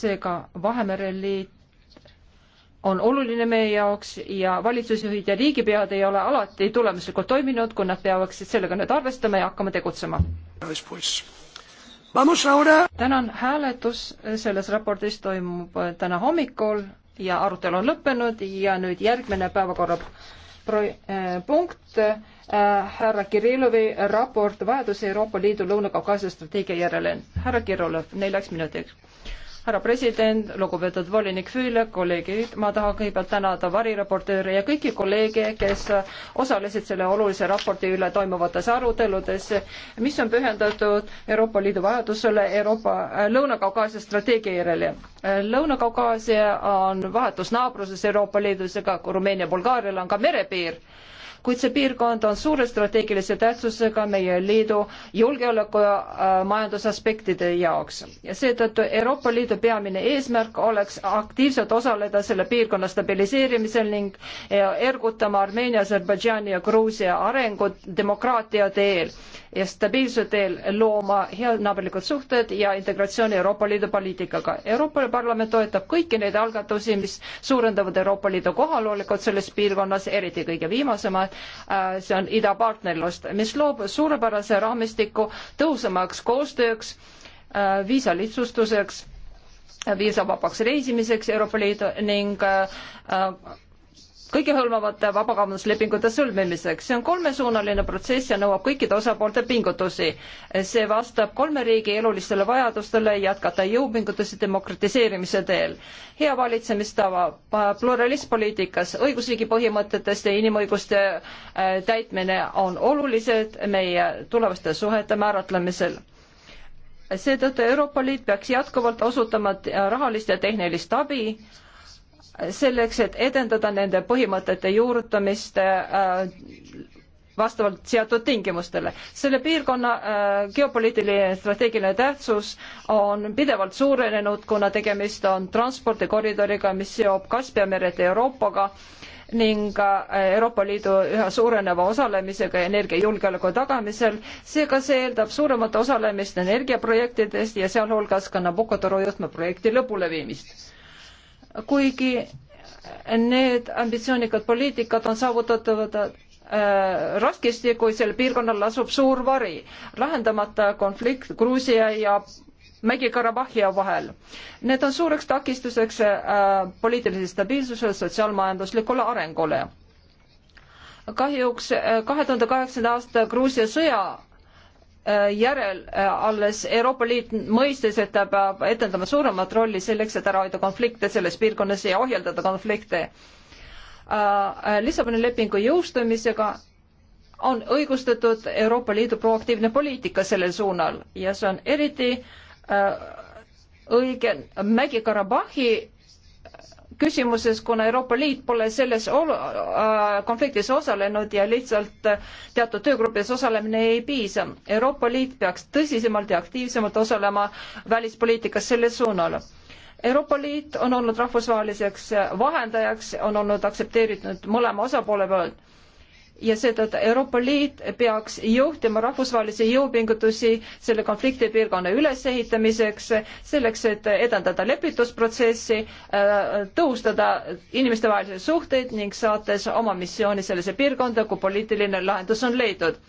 seega Vahemere Liit on oluline meie jaoks ja valitsusjuhid ja riigipead ei ole alati tulemuslikult toiminud, kui nad peaksid sellega nüüd arvestama ja hakkama tegutsema. tänan, hääletus selles raportis toimub täna hommikul ja arutelu on lõppenud ja nüüd järgmine päevakorra pro-, äh, punkt äh,, härra Kirillovi raport vajaduse Euroopa Liidu Lõuna-Kaukaasia strateegia järele. härra Kirillov, neljaks minutiks härra president, lugupeetud volinik Füüle, kolleegid, ma tahan kõigepealt tänada variraportööre ja kõiki kolleege, kes osalesid selle olulise raporti üle toimuvates aruteludes, mis on pühendatud Euroopa Liidu vajadusele Euroopa äh, Lõuna-Kaukaasia strateegia järele. Äh, Lõuna-Kaukaasia on vahetus naabruses Euroopa Liidusega, Rumeenia-Bulgaarial on ka merepiir kuid see piirkond on suure strateegilise tähtsusega meie liidu julgeoleku ja äh, majandusaspektide jaoks ja seetõttu Euroopa Liidu peamine eesmärk oleks aktiivselt osaleda selle piirkonna stabiliseerimisel ning äh, ergutama Armeenia, Aserbaidžaani ja Gruusia arengut demokraatia teel ja stabiilsuse teel looma heanaaberlikud suhted ja integratsiooni Euroopa Liidu poliitikaga. Euroopa Parlament toetab kõiki neid algatusi, mis suurendavad Euroopa Liidu kohalolekut selles piirkonnas, eriti kõige viimasemad, Äh, see on idapartnerlust, mis loob suurepärase raamistiku tõhusamaks koostööks, äh, viisa lihtsustuseks, viisavabaks reisimiseks Euroopa Liidu ning äh, kõigehõlmavate vabakaubanduslepingute sõlmimiseks. see on kolmesuunaline protsess ja nõuab kõikide osapoolte pingutusi. see vastab kolme riigi elulistele vajadustele jätkata jõupingutusi demokratiseerimise teel. hea valitsemistava, pluralism poliitikas, õigusriigi põhimõtetest ja inimõiguste äh, täitmine on olulised meie tulevaste suhete määratlemisel seetõttu Euroopa Liit peaks jätkuvalt osutama rahalist ja tehnilist abi selleks, et edendada nende põhimõtete juurutamist äh, vastavalt seatud tingimustele. selle piirkonna äh, geopoliitiline strateegiline tähtsus on pidevalt suurenenud, kuna tegemist on transpordikoridoriga, mis seob Kaspia meret Euroopaga ning äh, Euroopa Liidu üha suureneva osalemisega energiajulgeoleku tagamisel. seega see eeldab suuremat osalemist energiaprojektides ja sealhulgas ka Nabucco torujuhtme projekti lõpuleviimist kuigi need ambitsioonikad poliitikad on saavutatavad äh, raskesti, kui sel piirkonnal asub suur vari, lahendamata konflikt Gruusia ja Mägi-Karabahhi vahel. Need on suureks takistuseks äh, poliitilisele stabiilsusele, sotsiaalmajanduslikule arengule. kahjuks äh, kahe tuhande kaheksanda aasta Gruusia sõja Äh, järel äh, alles Euroopa Liit mõistis, et ta peab etendama suuremat rolli selleks, et ära hoida konflikte selles piirkonnas ja ohjeldada konflikte. Äh, Lissaboni lepingu jõustumisega on õigustatud Euroopa Liidu proaktiivne poliitika sellel suunal ja see on eriti õige Mägi-Karabahhi küsimuses, kuna Euroopa Liit pole selles ol-, äh, konfliktis osalenud ja lihtsalt teatud töögruppides osalemine ei piisa. Euroopa Liit peaks tõsisemalt ja aktiivsemalt osalema välispoliitikas sellel suunal. Euroopa Liit on olnud rahvusvaheliseks vahendajaks, on olnud aktsepteeritud mõlema osapoole poolt ja seetõttu Euroopa Liit peaks juhtima rahvusvahelisi jõupingutusi selle konfliktipiirkonna ülesehitamiseks, selleks, et edendada lepitusprotsessi, äh, tõhustada inimestevahelisi suhteid ning saates oma missiooni sellesse piirkonda, kui poliitiline lahendus on leitud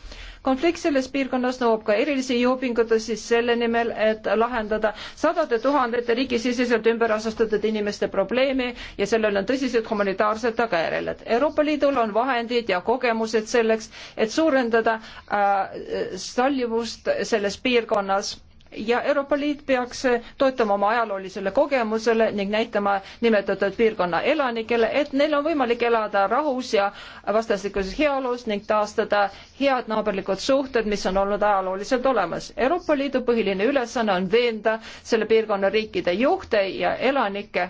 konflikt selles piirkonnas nõuab ka erilisi jõupingutusi selle nimel, et lahendada sadade tuhandete riigisiseselt ümber asustatud inimeste probleemi ja sellel on tõsised humanitaarsed tagajärjed. Euroopa Liidul on vahendid ja kogemused selleks, et suurendada äh, sallivust selles piirkonnas ja Euroopa Liit peaks toetama oma ajaloolisele kogemusele ning näitama nimetatud piirkonna elanikele, et neil on võimalik elada rahus ja vastastikuses heaolus ning taastada head naaberlikud suhted, mis on olnud ajalooliselt olemas. Euroopa Liidu põhiline ülesanne on veenda selle piirkonna riikide juhte ja elanikke,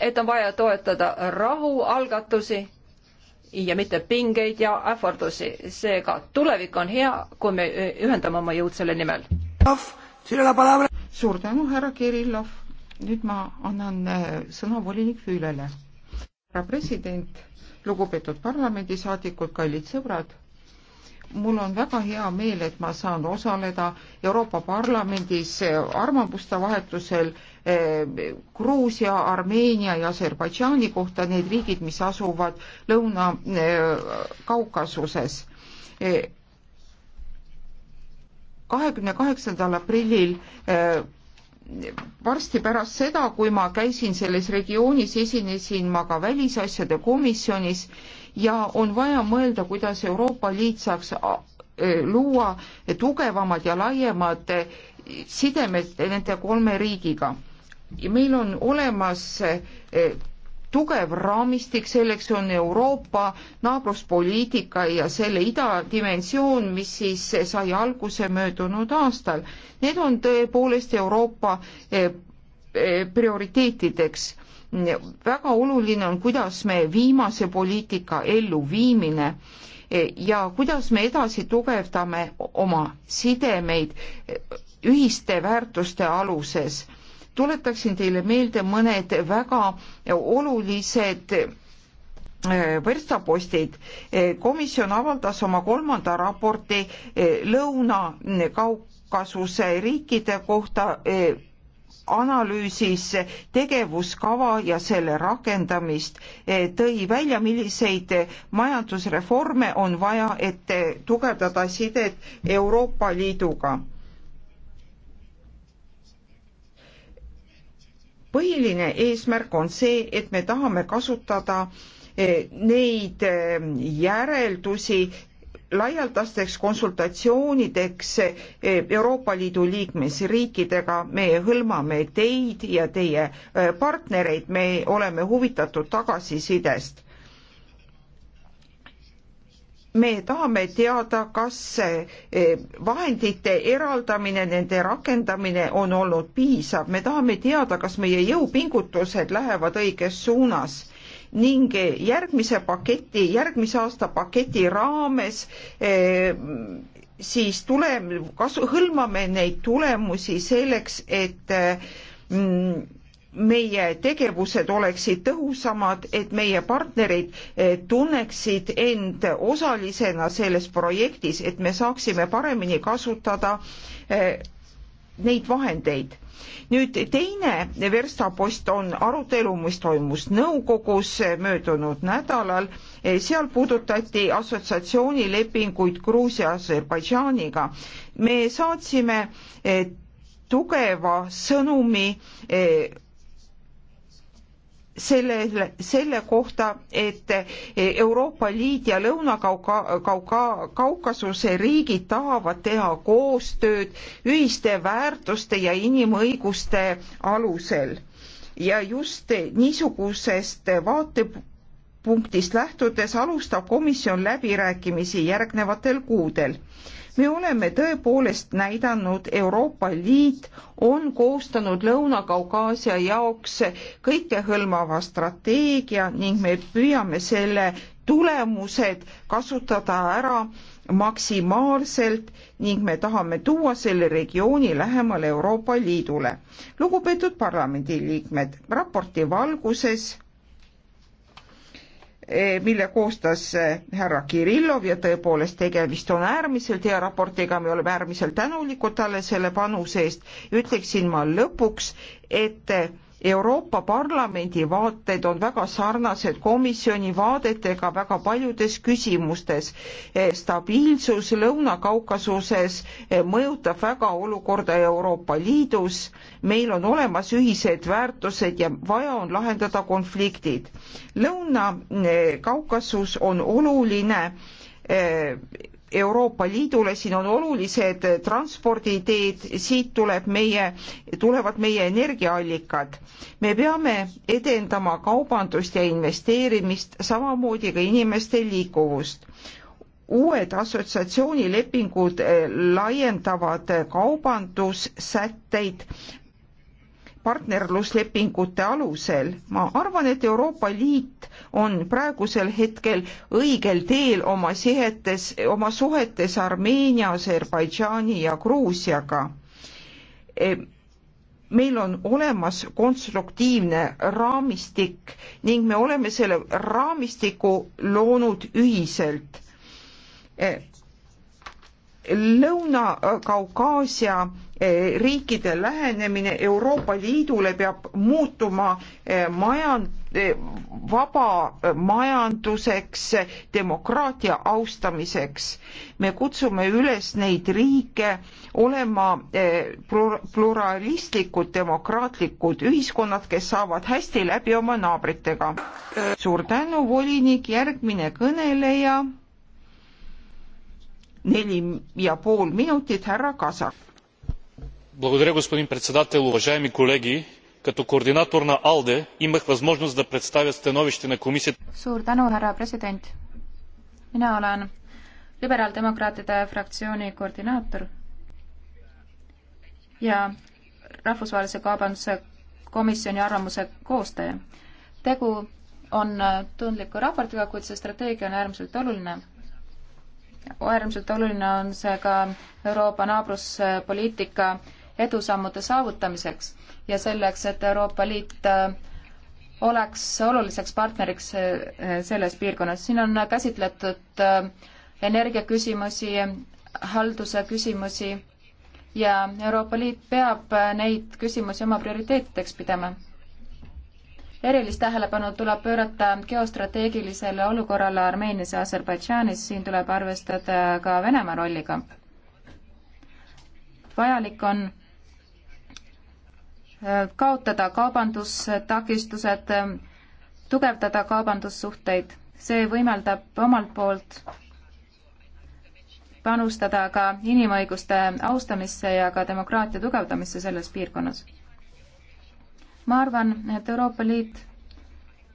et on vaja toetada rahualgatusi ja mitte pingeid ja ähvardusi. seega tulevik on hea, kui me ühendame oma jõud selle nimel. suur tänu, härra Kirillov. nüüd ma annan äh, sõna volinik Füülele. härra president, lugupeetud parlamendisaadikud, kallid sõbrad mul on väga hea meel, et ma saan osaleda Euroopa Parlamendis äh, arvamuste vahetusel Gruusia, Armeenia ja Aserbaidžaani kohta, need riigid, mis asuvad Lõuna-Kaukasuses. Eh, kahekümne kaheksandal aprillil eh, varsti pärast seda, kui ma käisin selles regioonis, esinesin ma ka välisasjade komisjonis ja on vaja mõelda, kuidas Euroopa Liit saaks eh, luua tugevamad ja laiemad sidemed nende kolme riigiga ja meil on olemas eh, eh, tugev raamistik, selleks on Euroopa naabruspoliitika ja selle idadimensioon, mis siis sai alguse möödunud aastal. Need on tõepoolest Euroopa eh, prioriteetideks. väga oluline on, kuidas me viimase poliitika elluviimine ja kuidas me edasi tugevdame oma sidemeid ühiste väärtuste aluses tuletaksin teile meelde mõned väga olulised äh, võrstapostid. Äh, komisjon avaldas oma kolmanda raporti äh, Lõuna-Kaukasuse riikide kohta analüüsis tegevuskava ja selle rakendamist, tõi välja, milliseid majandusreforme on vaja, et tugevdada sidet Euroopa Liiduga põhiline eesmärk on see, et me tahame kasutada eh, neid eh, järeldusi laialdasteks konsultatsioonideks eh, Euroopa Liidu liikmesriikidega, me hõlmame teid ja teie partnereid, me oleme huvitatud tagasisidest me tahame teada, kas eh, vahendite eraldamine, nende rakendamine on olnud piisav, me tahame teada, kas meie jõupingutused lähevad õiges suunas ning järgmise paketi, järgmise aasta paketi raames eh, siis tule, kasu, hõlmame neid tulemusi selleks, et mm, meie tegevused oleksid tõhusamad, et meie partnerid eh, tunneksid end osalisena selles projektis, et me saaksime paremini kasutada eh, neid vahendeid. nüüd teine verstapost on arutelu, mis toimus nõukogus eh, möödunud nädalal. seal puudutati assotsiatsioonilepinguid Gruusia Aserbaidžaaniga. me saatsime tugeva sõnumi selle, selle kohta, et Euroopa Liit ja Lõuna-Kauka-, Kauka-, Kaukasuse riigid tahavad teha koostööd ühiste väärtuste ja inimõiguste alusel. ja just niisugusest vaatepunktist lähtudes alustab komisjon läbirääkimisi järgnevatel kuudel me oleme tõepoolest näidanud, Euroopa Liit on koostanud Lõuna-Kaukaasia jaoks kõikehõlmava strateegia ning me püüame selle tulemused kasutada ära maksimaalselt ning me tahame tuua selle regiooni lähemale Euroopa Liidule. lugupeetud parlamendiliikmed, raporti valguses Eh, mille koostas eh, härra Kirillov ja tõepoolest tegemist on äärmiselt hea raportiga, me oleme äärmiselt tänulikud talle selle panuse eest. ütleksin ma lõpuks, et eh, Euroopa Parlamendi vaated on väga sarnased komisjoni vaadetega väga paljudes küsimustes. Eh, stabiilsus Lõuna-Kaukasuses eh, mõjutab väga olukorda Euroopa Liidus, meil on olemas ühised väärtused ja vaja on lahendada konfliktid. Lõuna-Kaukasus eh, on oluline Euroopa Liidule, siin on olulised transporditeed, siit tuleb meie, tulevad meie energiaallikad. me peame edendama kaubandust ja investeerimist, samamoodi ka inimeste liikuvust. uued assotsiatsioonilepingud eh, laiendavad kaubandussätteid partnerluslepingute alusel. ma arvan, et Euroopa Liit on praegusel hetkel õigel teel oma sihetes, oma suhetes Armeenia, Aserbaidžaani ja Gruusiaga. E, meil on olemas konstruktiivne raamistik ning me oleme selle raamistiku loonud ühiselt. E, Lõuna-Kaukaasia Eh, riikide lähenemine Euroopa Liidule peab muutuma eh, majand, eh, vaba majanduseks, demokraatia austamiseks. me kutsume üles neid riike olema pluralistlikud, demokraatlikud ühiskonnad, kes saavad hästi läbi oma naabritega. suur tänu, volinik, järgmine kõneleja neli ja pool minutit, härra Kasak господин председател уважаеми колеги като координатор на алде имах възможност да представя становище на комисията. mina olen liberaaldemokraatide fraktsiooni koordinaator ja rahvusvahelise kaubanduse komisjoni arvamuse koostaja. tegu on tundliku raportiga, kuid see strateegia on äärmiselt oluline äärmiselt oluline on see ka Euroopa naabruspoliitika edusammude saavutamiseks ja selleks, et Euroopa Liit äh, oleks oluliseks partneriks äh, selles piirkonnas. siin on käsitletud äh, energiaküsimusi, halduse küsimusi ja Euroopa Liit peab neid küsimusi oma prioriteetideks pidama. erilist tähelepanu tuleb pöörata geostrateegilisele olukorrale Armeenias ja Aserbaidžaanis, siin tuleb arvestada ka Venemaa rolliga. vajalik on kaotada kaubandustakistused, tugevdada kaubandussuhteid. see võimaldab omalt poolt panustada ka inimõiguste austamisse ja ka demokraatia tugevdamisse selles piirkonnas. ma arvan, et Euroopa Liit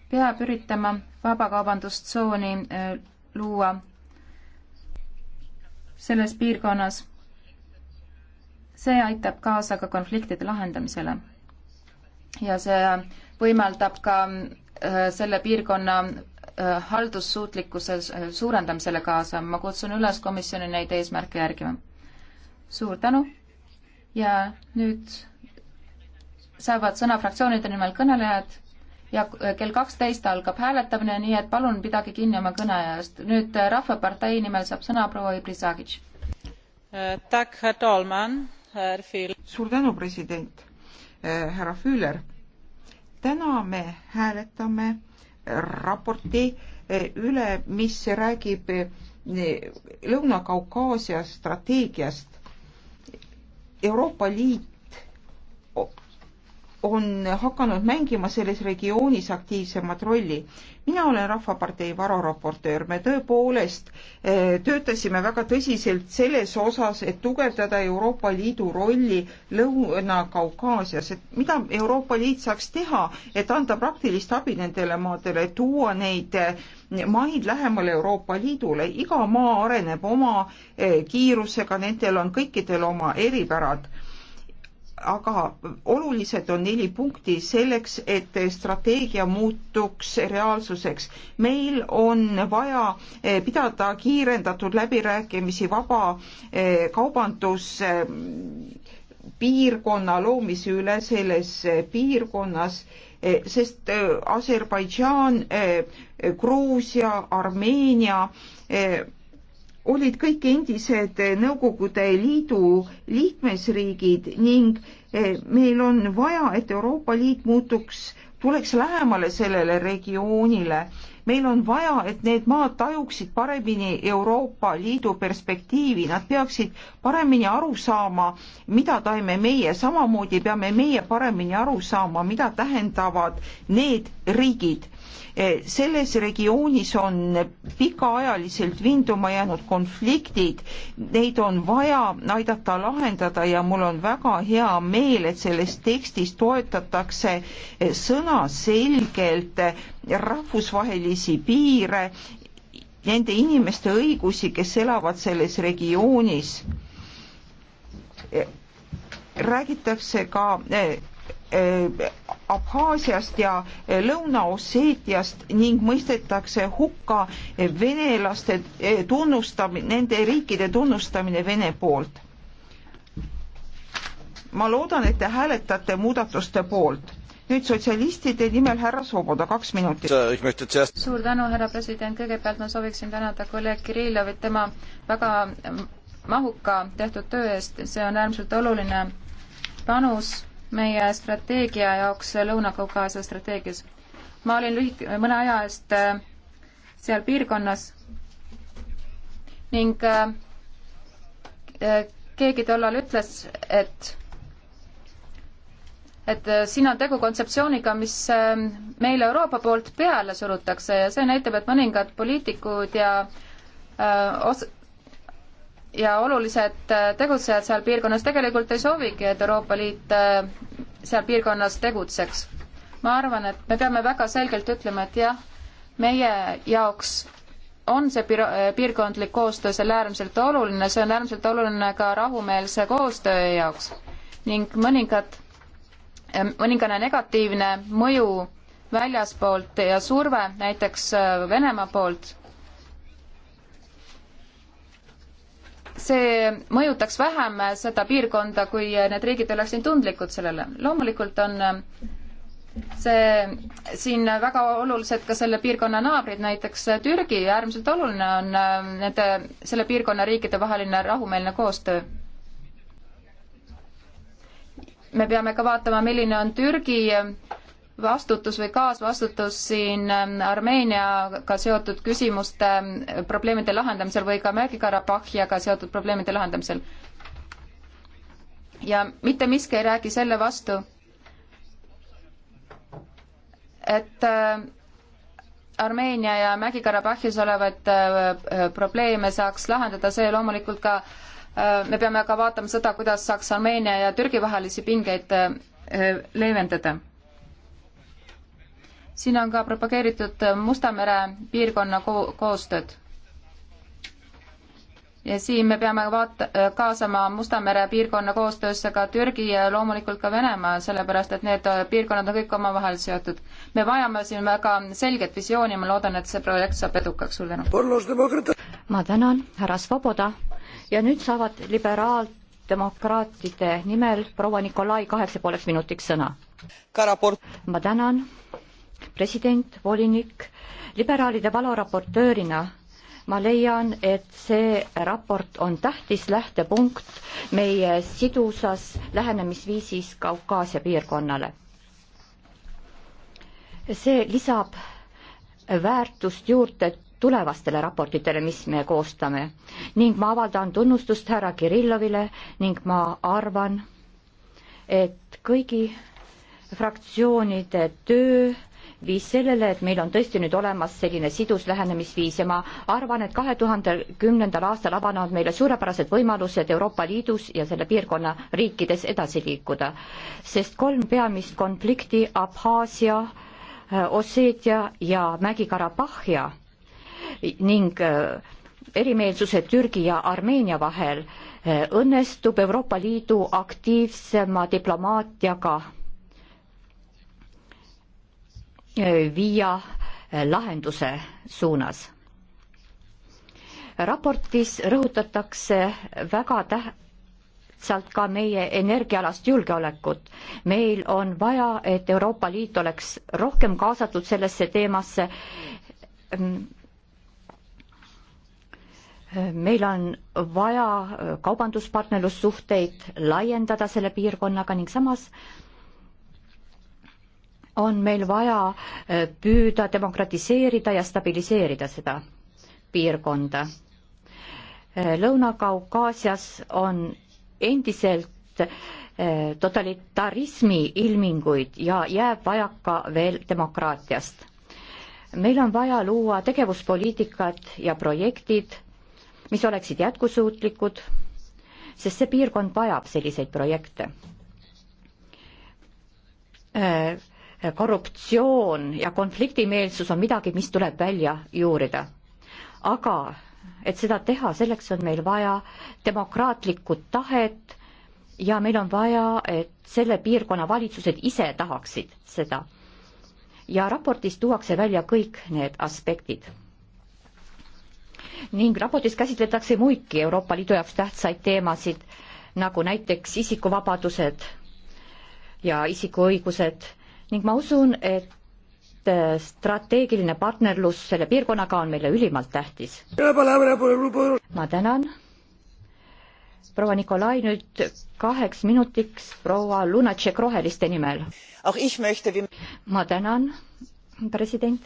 peab üritama vabakaubandustsooni äh, luua selles piirkonnas. see aitab kaasa ka konfliktide lahendamisele ja see võimaldab ka äh, selle piirkonna äh, haldussuutlikkuse äh, suurendamisele kaasa. ma kutsun üles komisjoni neid eesmärke järgima. suur tänu ja nüüd saavad sõna fraktsioonide nimel kõnelejad ja kell kaksteist algab hääletamine, nii et palun pidage kinni oma kõneajast. nüüd Rahvapartei nimel saab sõna proua Ibris Sagic. suur tänu, president Eh, härra Füüler. täna me hääletame raporti eh, üle, mis räägib eh, Lõuna-Kaukaasia strateegiast. Euroopa Liit on hakanud mängima selles regioonis aktiivsemat rolli. mina olen Rahvapartei vararaportöör, me tõepoolest eh, töötasime väga tõsiselt selles osas, et tugevdada Euroopa Liidu rolli Lõuna-Kaukaasias, et mida Euroopa Liit saaks teha, et anda praktilist abi nendele maadele, tuua neid eh, maid lähemale Euroopa Liidule, iga maa areneb oma eh, kiirusega, nendel on kõikidel oma eripärad aga olulised on neli punkti selleks, et strateegia muutuks reaalsuseks. meil on vaja eh, pidada kiirendatud läbirääkimisi vaba eh, kaubandus eh, piirkonna loomise üle selles piirkonnas, sest Aserbaidžaan, Gruusia, Armeenia olid kõik endised Nõukogude Liidu liikmesriigid ning eh, meil on vaja, et Euroopa Liit muutuks, tuleks lähemale sellele regioonile. meil on vaja, et need maad tajuksid paremini Euroopa Liidu perspektiivi, nad peaksid paremini aru saama, mida taime meie, samamoodi peame meie paremini aru saama, mida tähendavad need riigid selles regioonis on pikaajaliselt vinduma jäänud konfliktid, neid on vaja aidata lahendada ja mul on väga hea meel, et selles tekstis toetatakse sõnaselgelt rahvusvahelisi piire, nende inimeste õigusi, kes elavad selles regioonis. räägitakse ka eh, eh, Abhaasiast ja eh, Lõuna-Osseetiast ning mõistetakse hukka eh, venelaste eh, tunnustamine, nende riikide tunnustamine Vene poolt. ma loodan, et te hääletate muudatuste poolt nüüd sotsialistide nimel härra Soboda, kaks minutit. suur tänu, härra president, kõigepealt ma sooviksin tänada kolleeg Kirillovit tema väga mahuka tehtud töö eest, see on äärmiselt oluline panus meie strateegia jaoks Lõuna-Kaukaasia strateegias. ma olin lühik-, mõne aja eest äh, seal piirkonnas ning äh, äh, keegi tollal ütles, et et siin on tegu kontseptsiooniga, mis meile Euroopa poolt peale surutakse ja see näitab, et mõningad poliitikud ja äh, os-, ja olulised äh, tegutsejad seal piirkonnas tegelikult ei soovigi, et Euroopa Liit äh, seal piirkonnas tegutseks. ma arvan, et me peame väga selgelt ütlema, et jah, meie jaoks on see piir-, äh, piirkondlik koostöö seal äärmiselt oluline, see on äärmiselt oluline ka rahumeelse koostöö jaoks ning mõningad, mõningane negatiivne mõju väljaspoolt ja surve näiteks Venemaa poolt see mõjutaks vähem seda piirkonda, kui need riigid ei oleks nii tundlikud sellele. loomulikult on äh, see siin väga olulised ka selle piirkonna naabrid, näiteks äh, Türgi, äärmiselt oluline on äh, nende, selle piirkonna riikide vaheline rahumeelne koostöö. me peame ka vaatama, milline on Türgi vastutus või kaasvastutus siin ähm, Armeeniaga seotud küsimuste, äh, probleemide lahendamisel või ka Mägi-Karabahhiaga seotud probleemide lahendamisel. ja mitte miski ei räägi selle vastu, et äh, Armeenia ja Mägi-Karabahhis olevaid äh, probleeme saaks lahendada, see loomulikult ka, me peame ka vaatama seda, kuidas saaks Armeenia ja Türgi vahelisi pingeid leevendada siin on ka propageeritud Musta mere piirkonna ko koostööd. ja siin me peame vaata-, kaasama Musta mere piirkonna koostöösse ka Türgi ja loomulikult ka Venemaa, sellepärast et need piirkonnad on kõik omavahel seotud. me vajame siin väga selget visiooni, ma loodan, et see projekt saab edukaks, suur tänu. ma tänan, härra Svoboda ja nüüd saavad liberaaldemokraatide nimel proua Nikolai kaheksa pooleks minutiks sõna. ma tänan president, volinik, liberaalide valoraportöörina ma leian, et see raport on tähtis lähtepunkt meie sidusas lähenemisviisis Kaukaasia piirkonnale. see lisab väärtust juurde tulevastele raportitele, mis me koostame ning ma avaldan tunnustust härra Kirillovile ning ma arvan, et kõigi fraktsioonide töö viis sellele, et meil on tõesti nüüd olemas selline sidus lähenemisviis ja ma arvan, et kahe tuhande kümnendal aastal avanevad meile suurepärased võimalused Euroopa Liidus ja selle piirkonna riikides edasi liikuda. sest kolm peamist konflikti, Abhaasia, Osseetia ja Mägi-Karabahhia ning äh, erimeelsused Türgi ja Armeenia vahel äh, õnnestub Euroopa Liidu aktiivsema diplomaatiaga viia äh, lahenduse suunas. raportis rõhutatakse väga täht-, lihtsalt ka meie energiaalast julgeolekut. meil on vaja, et Euroopa Liit oleks rohkem kaasatud sellesse teemasse. Mm. meil on vaja kaubanduspartnerlussuhteid laiendada selle piirkonnaga ning samas on meil vaja äh, püüda demokratiseerida ja stabiliseerida seda piirkonda. Äh, Lõuna-Kaukaasias on endiselt äh, totalitarismi ilminguid ja jääb vajaka veel demokraatiast. meil on vaja luua tegevuspoliitikad ja projektid, mis oleksid jätkusuutlikud, sest see piirkond vajab selliseid projekte korruptsioon ja konfliktimeelsus on midagi, mis tuleb välja juurida. aga et seda teha, selleks on meil vaja demokraatlikku tahet ja meil on vaja, et selle piirkonna valitsused ise tahaksid seda. ja raportis tuuakse välja kõik need aspektid. ning raportis käsitletakse muidki Euroopa Liidu jaoks tähtsaid teemasid, nagu näiteks isikuvabadused ja isikuõigused ning ma usun, et äh, strateegiline partnerlus selle piirkonnaga on meile ülimalt tähtis. ma tänan. proua Nikolai, nüüd kaheks minutiks proua Lunatšek Roheliste nimel. ma tänan, president.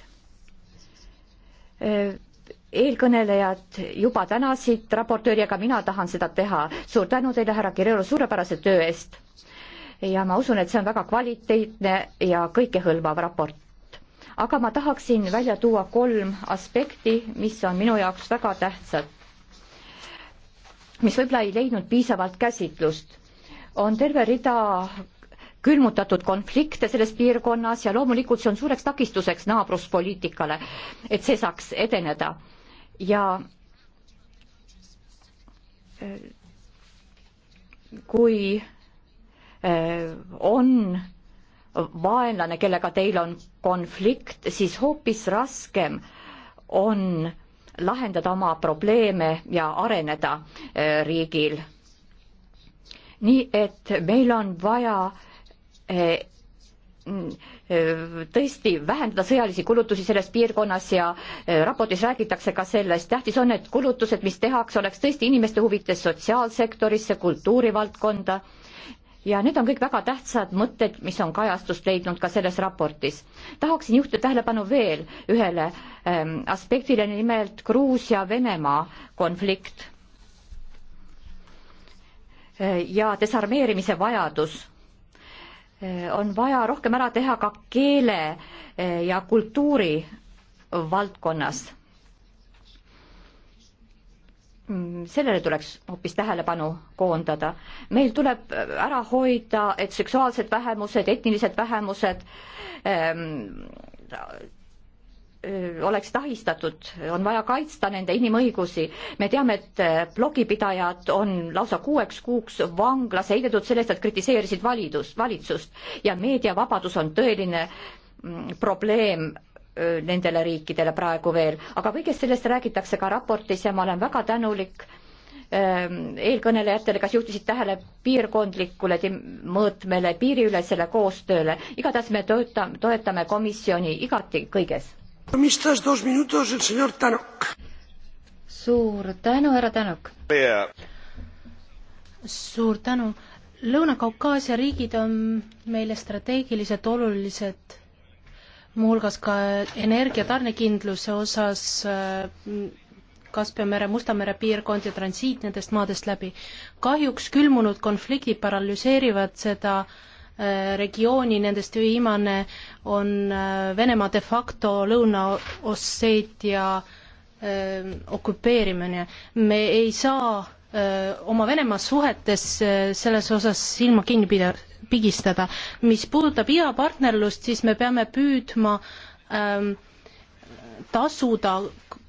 Äh, eelkõnelejad juba tänasid raportööri, aga mina tahan seda teha. suur tänu teile, härra Kirillov, suurepärase töö eest ja ma usun, et see on väga kvaliteetne ja kõikehõlmav raport. aga ma tahaksin välja tuua kolm aspekti, mis on minu jaoks väga tähtsad, mis võib-olla ei leidnud piisavalt käsitlust. on terve rida külmutatud konflikte selles piirkonnas ja loomulikult see on suureks takistuseks naabruspoliitikale, et see saaks edeneda ja äh, kui Äh, on vaenlane, kellega teil on konflikt, siis hoopis raskem on lahendada oma probleeme ja areneda äh, riigil. nii et meil on vaja äh, tõesti vähendada sõjalisi kulutusi selles piirkonnas ja raportis räägitakse ka sellest, tähtis on, et kulutused, mis tehakse, oleks tõesti inimeste huvides sotsiaalsektorisse, kultuurivaldkonda ja need on kõik väga tähtsad mõtted, mis on kajastust leidnud ka selles raportis. tahaksin juhtida tähelepanu veel ühele ähm, aspektile, nimelt Gruusia-Venemaa konflikt äh, ja desarmeerimise vajadus äh, on vaja rohkem ära teha ka keele äh, ja kultuuri valdkonnas Mm, sellele tuleks hoopis tähelepanu koondada. meil tuleb äh, ära hoida, et seksuaalsed vähemused, etnilised vähemused ähm, äh, oleks tahistatud, on vaja kaitsta nende inimõigusi. me teame, et äh, blogipidajad on lausa kuueks kuuks vanglas heidetud sellest, et kritiseerisid validus, valitsust ja meediavabadus on tõeline mm, probleem nendele riikidele praegu veel, aga kõigest sellest räägitakse ka raportis ja ma olen väga tänulik eelkõnelejatele, kes juhtisid tähele piirkondlikule mõõtmele, piiriülesele koostööle. igatahes me toeta-, toetame komisjoni igati kõiges. suur tänu, härra Tänuk yeah.! suur tänu! Lõuna-Kaukaasia riigid on meile strateegiliselt olulised muuhulgas ka energia tarnekindluse osas äh, Kaspia mere, Musta mere piirkond ja transiit nendest maadest läbi. kahjuks külmunud konfliktid paralüseerivad seda äh, regiooni, nendest viimane on äh, Venemaa de facto Lõuna-Osseetia okupeerimine. me ei saa oma Venemaa suhetes selles osas silma kinni pidada pigistada. mis puudutab idapartnerlust, siis me peame püüdma ähm, tasuda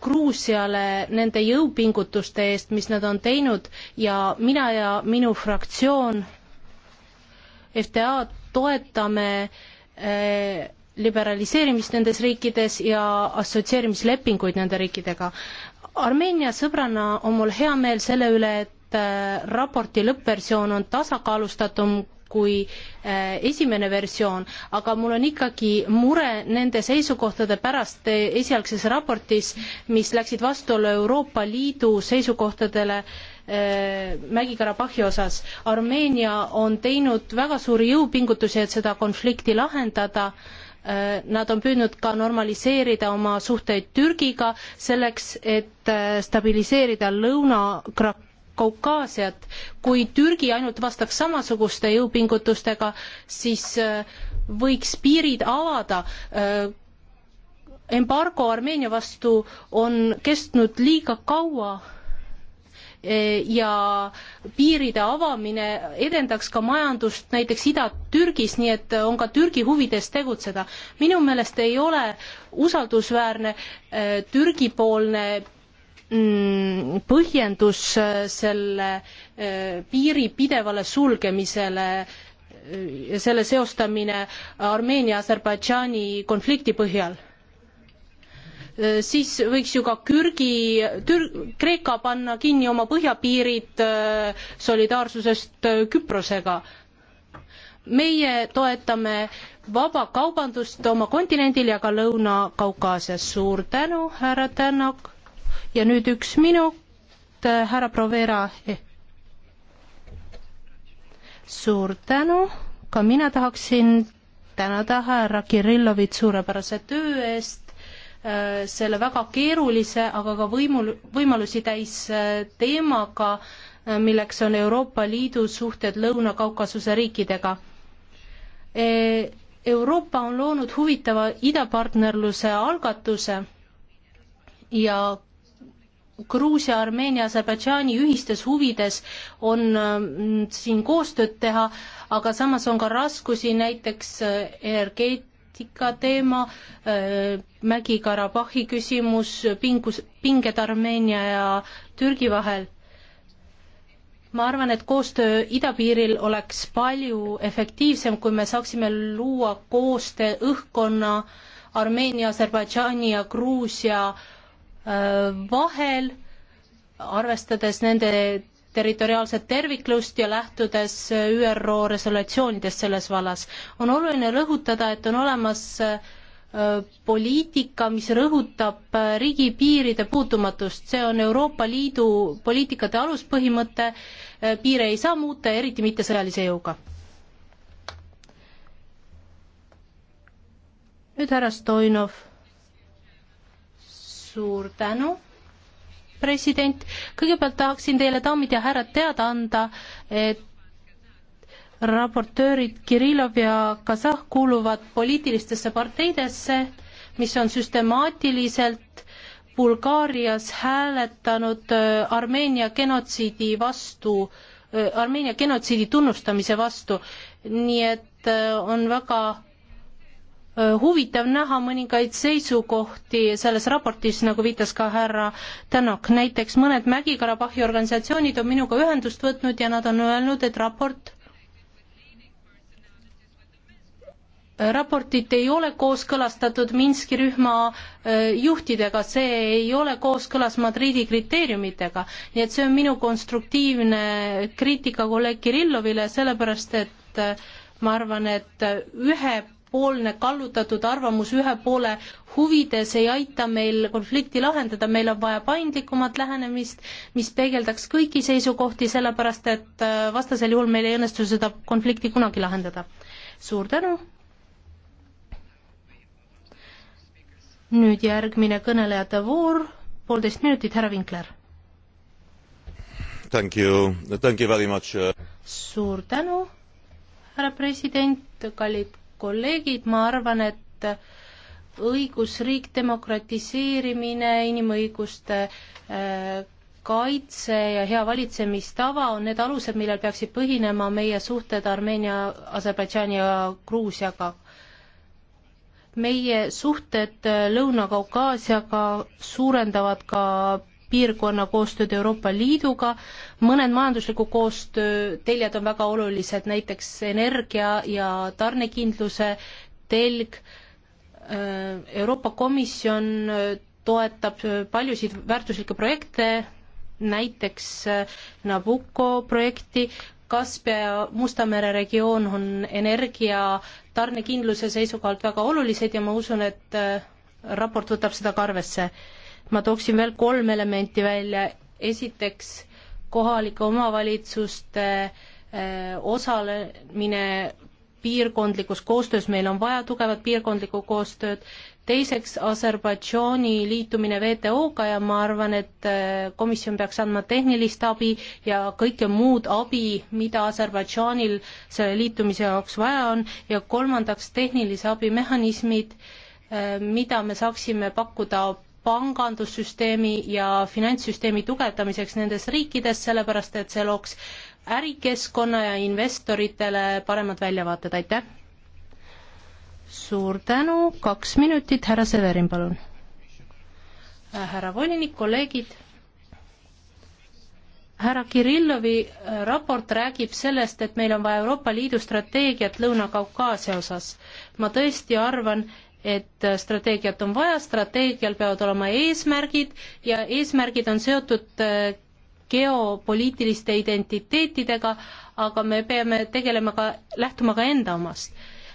Gruusiale nende jõupingutuste eest, mis nad on teinud ja mina ja minu fraktsioon FTA toetame äh, liberaliseerimist nendes riikides ja assotsieerimislepinguid nende riikidega. Armeenia sõbrana on mul hea meel selle üle, et äh, raporti lõppversioon on tasakaalustatum kui äh, esimene versioon, aga mul on ikkagi mure nende seisukohtade pärast esialgses raportis, mis läksid vastuollu Euroopa Liidu seisukohtadele äh, Mägi-Karabahhi osas. Armeenia on teinud väga suuri jõupingutusi, et seda konflikti lahendada äh, nad on püüdnud ka normaliseerida oma suhteid Türgiga selleks, et stabiliseerida Lõuna-Krak-, Kaukaasiat. kui Türgi ainult vastaks samasuguste jõupingutustega, siis äh, võiks piirid avada. Äh, embargo Armeenia vastu on kestnud liiga kaua äh, ja piiride avamine edendaks ka majandust näiteks Ida-Türgis, nii et on ka Türgi huvides tegutseda. minu meelest ei ole usaldusväärne Türgi-poolne Mm, põhjendus äh, selle äh, piiri pidevale sulgemisele äh, ja selle seostamine Armeenia-Aserbaidžaani konflikti põhjal, siis võiks ju ka Kürgi, Tür-, Kreeka panna kinni oma põhjapiirid solidaarsusest Küprosega. meie toetame vabakaubandust oma kontinendil ja ka Lõuna-Kaukaasias. suur tänu, härra Tänak ja nüüd üks minut äh,, härra Provera eh.. suur tänu, ka mina tahaksin tänada härra Kirillovit suurepärase töö eest äh,, selle väga keerulise, aga ka võimul, võimalusi täis äh, teemaga, äh, milleks on Euroopa Liidu suhted Lõuna-Kaukasuse riikidega e Euroopa on loonud huvitava idapartnerluse algatuse ja Gruusia, Armeenia, Aserbaidžaani ühistes huvides on ähm, siin koostööd teha, aga samas on ka raskusi näiteks äh, energeetika teema, äh, Mägi-Karabahhi küsimus, pingus, pinged Armeenia ja Türgi vahel. ma arvan, et koostöö idapiiril oleks palju efektiivsem, kui me saaksime luua koostöö õhkkonna Armeenia, Aserbaidžaani ja Gruusia äh, Äh, vahel, arvestades nende territoriaalset terviklust ja lähtudes äh, ÜRO resolutsioonidest selles vallas. on oluline rõhutada, et on olemas äh, poliitika, mis rõhutab riigipiiride puutumatust, see on Euroopa Liidu poliitikate aluspõhimõte, piire ei saa muuta, eriti mitte sõjalise jõuga. nüüd härra Stoinov suur tänu, president. kõigepealt tahaksin teile, daamid ja härrad, teada anda, et raportöörid Kirillov ja Kasahh kuuluvad poliitilistesse parteidesse, mis on süstemaatiliselt Bulgaarias hääletanud äh, Armeenia genotsiidi vastu, äh, Armeenia genotsiidi tunnustamise vastu. nii et äh, on väga Äh, huvitav näha mõningaid seisukohti selles raportis, nagu viitas ka härra Tänak. näiteks mõned Mägi-Karabahhi organisatsioonid on minuga ühendust võtnud ja nad on öelnud, et raport äh, raportit ei ole kooskõlastatud Minski rühma äh, juhtidega, see ei ole kooskõlas Madridi kriteeriumitega. nii et see on minu konstruktiivne kriitika kolleeg Kirillovile, sellepärast et ma arvan, et ühe poolne kallutatud arvamus ühe poole huvides ei aita meil konflikti lahendada, meil on vaja paindlikumat lähenemist, mis peegeldaks kõiki seisukohti, sellepärast et äh, vastasel juhul meil ei õnnestu seda konflikti kunagi lahendada. suur tänu. nüüd järgmine kõnelejate voor, poolteist minutit, härra Vinkler. Thank you, thank you very much. Uh suur tänu, härra president, kallid kolleegid, ma arvan, et õigusriik, demokratiseerimine, inimõiguste äh, kaitse ja hea valitsemistava on need alused, millel peaksid põhinema meie suhted Armeenia, Aserbaidžaani ja Gruusiaga. meie suhted Lõuna-Kaukaasiaga suurendavad ka piirkonna koostööd Euroopa Liiduga, mõned majandusliku koostöö teljed on väga olulised, näiteks energia ja tarnekindluse telg, äh, Euroopa Komisjon äh, toetab äh, paljusid väärtuslikke projekte, näiteks Nabucco projekti, Kaspia ja Musta mere regioon on energia tarnekindluse seisukohalt väga olulised ja ma usun, et raport võtab seda ka arvesse ma tooksin veel kolm elementi välja, esiteks kohalike omavalitsuste eh, osalemine piirkondlikus koostöös, meil on vaja tugevat piirkondlikku koostööd, teiseks Aserbaidžaani liitumine WTO-ga ja ma arvan, et eh, komisjon peaks andma tehnilist abi ja kõike muud abi, mida Aserbaidžaanil selle liitumise jaoks vaja on ja kolmandaks tehnilise abi mehhanismid, eh, mida me saaksime pakkuda pangandussüsteemi ja finantssüsteemi tugevdamiseks nendes riikides, sellepärast et see looks ärikeskkonna ja investoritele paremad väljavaated, aitäh! suur tänu, kaks minutit, härra Severin, palun! Äh, härra volinik, kolleegid, härra Kirillovi äh, raport räägib sellest, et meil on vaja Euroopa Liidu strateegiat Lõuna-Kaukaasia osas. ma tõesti arvan, et strateegiat on vaja, strateegial peavad olema eesmärgid ja eesmärgid on seotud äh, geopoliitiliste identiteetidega, aga me peame tegelema ka, lähtuma ka enda omast.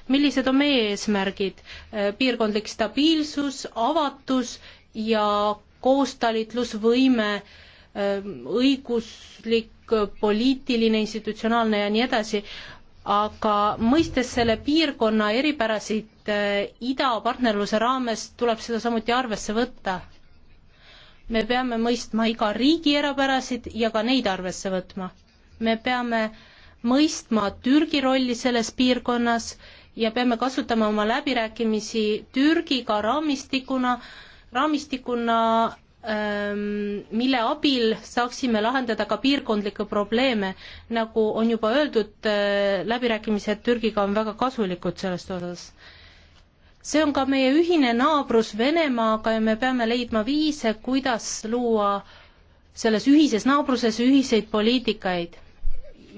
millised on meie eesmärgid? Äh, piirkondlik stabiilsus, avatus ja koostalitlusvõime, äh, õiguslik, poliitiline, institutsionaalne ja nii edasi, aga mõistes selle piirkonna eripärasid et äh, idapartnerluse raames tuleb seda samuti arvesse võtta. me peame mõistma iga riigi erapärasid ja ka neid arvesse võtma. me peame mõistma Türgi rolli selles piirkonnas ja peame kasutama oma läbirääkimisi Türgiga raamistikuna, raamistikuna ähm, mille abil saaksime lahendada ka piirkondlikke probleeme. nagu on juba öeldud, äh, läbirääkimised Türgiga on väga kasulikud selles osas see on ka meie ühine naabrus Venemaaga ja me peame leidma viise, kuidas luua selles ühises naabruses ühiseid poliitikaid.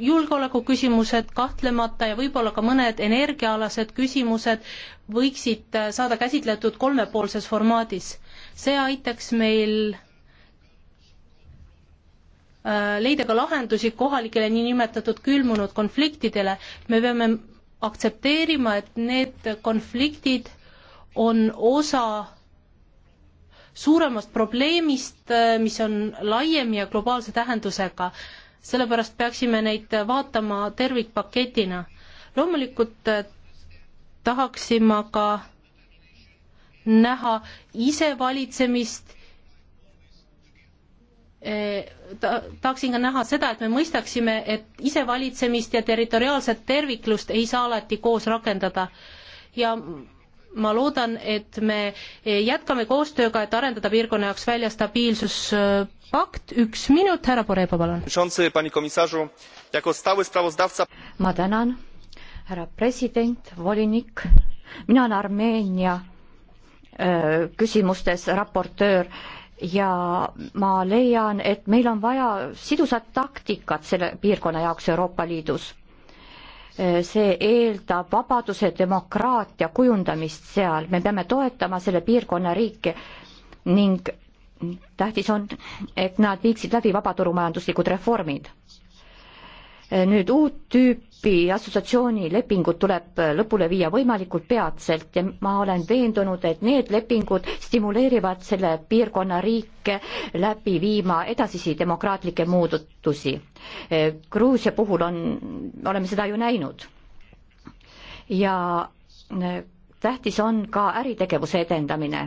julgeolekuküsimused kahtlemata ja võib-olla ka mõned energiaalased küsimused võiksid äh, saada käsitletud kolmepoolses formaadis. see aitaks meil äh, leida ka lahendusi kohalikele niinimetatud külmunud konfliktidele, me peame aktsepteerima, et need konfliktid on osa suuremast probleemist, mis on laiem ja globaalse tähendusega. sellepärast peaksime neid vaatama tervikpaketina. loomulikult äh, tahaksin ma ka näha isevalitsemist Eh, ta-, tahaksin ka näha seda, et me mõistaksime, et isevalitsemist ja territoriaalset terviklust ei saa alati koos rakendada. ja ma loodan, et me jätkame koostööga, et arendada piirkonna jaoks välja stabiilsuspakt, üks minut, härra Poreba, palun. ma tänan, härra president, volinik, mina olen Armeenia e, küsimustes raportöör ja ma leian, et meil on vaja sidusat taktikat selle piirkonna jaoks Euroopa Liidus. see eeldab vabaduse, demokraatia kujundamist seal, me peame toetama selle piirkonna riike ning tähtis on, et nad viiksid läbi vabaturumajanduslikud reformid. nüüd uut tüüpi tüüpi assotsiatsioonilepingud tuleb lõpule viia võimalikult peatselt ja ma olen veendunud, et need lepingud stimuleerivad selle piirkonna riike läbi viima edasisi demokraatlikke muudatusi. Gruusia puhul on, oleme seda ju näinud. ja äh, tähtis on ka äritegevuse edendamine.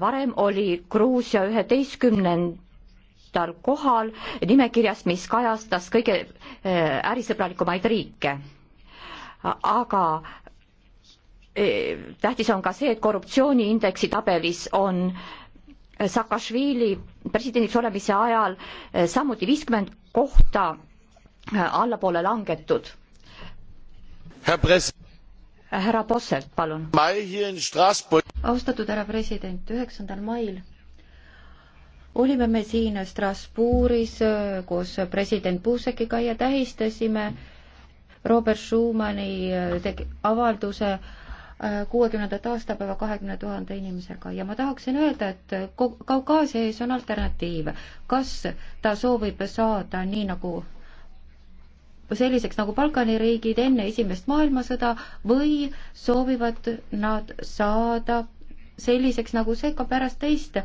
varem oli Gruusia üheteistkümnend kuueteistkümnendal kohal nimekirjas, mis kajastas kõige äh, ärisõbralikumaid riike. aga äh, tähtis on ka see, et korruptsiooniindeksi tabelis on äh, Saakašvili presidendiks olemise ajal samuti viiskümmend kohta allapoole langetud. härra Posselt, palun. austatud härra president, üheksandal mail olime me siin Strasbourgis äh, koos president Buusekiga ja tähistasime Robert Schumani äh, avalduse äh, kuuekümnendat aastapäeva kahekümne tuhande inimesega ja ma tahaksin öelda, et Kaukaasia ees on alternatiiv. kas ta soovib saada nii nagu selliseks nagu Balkani riigid enne Esimest maailmasõda või soovivad nad saada selliseks nagu see ka pärast teist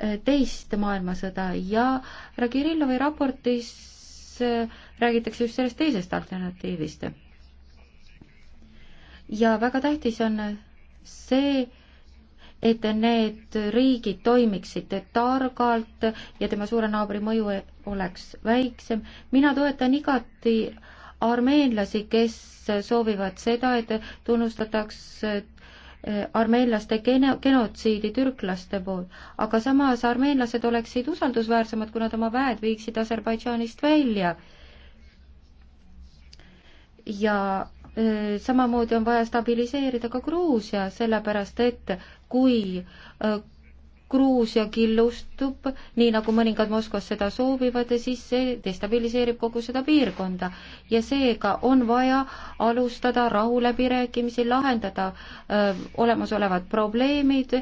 Äh, teist maailmasõda ja Ragirillovi raportis äh, räägitakse just sellest teisest alternatiivist. ja väga tähtis on see, et need riigid toimiksid targalt ja tema suure naabri mõju e-, oleks väiksem. mina toetan igati armeenlasi, kes soovivad seda, et tunnustataks Äh, armeenlaste genotsiidi türklaste poolt. aga samas armeenlased oleksid usaldusväärsemad, kui nad oma väed viiksid Aserbaidžaanist välja. ja äh, samamoodi on vaja stabiliseerida ka Gruusia, sellepärast et kui äh, Gruusia killustub, nii nagu mõningad Moskvas seda soovivad, siis see destabiliseerib kogu seda piirkonda. ja seega on vaja alustada rahuläbirääkimisi, lahendada öö, äh, olemasolevad probleemid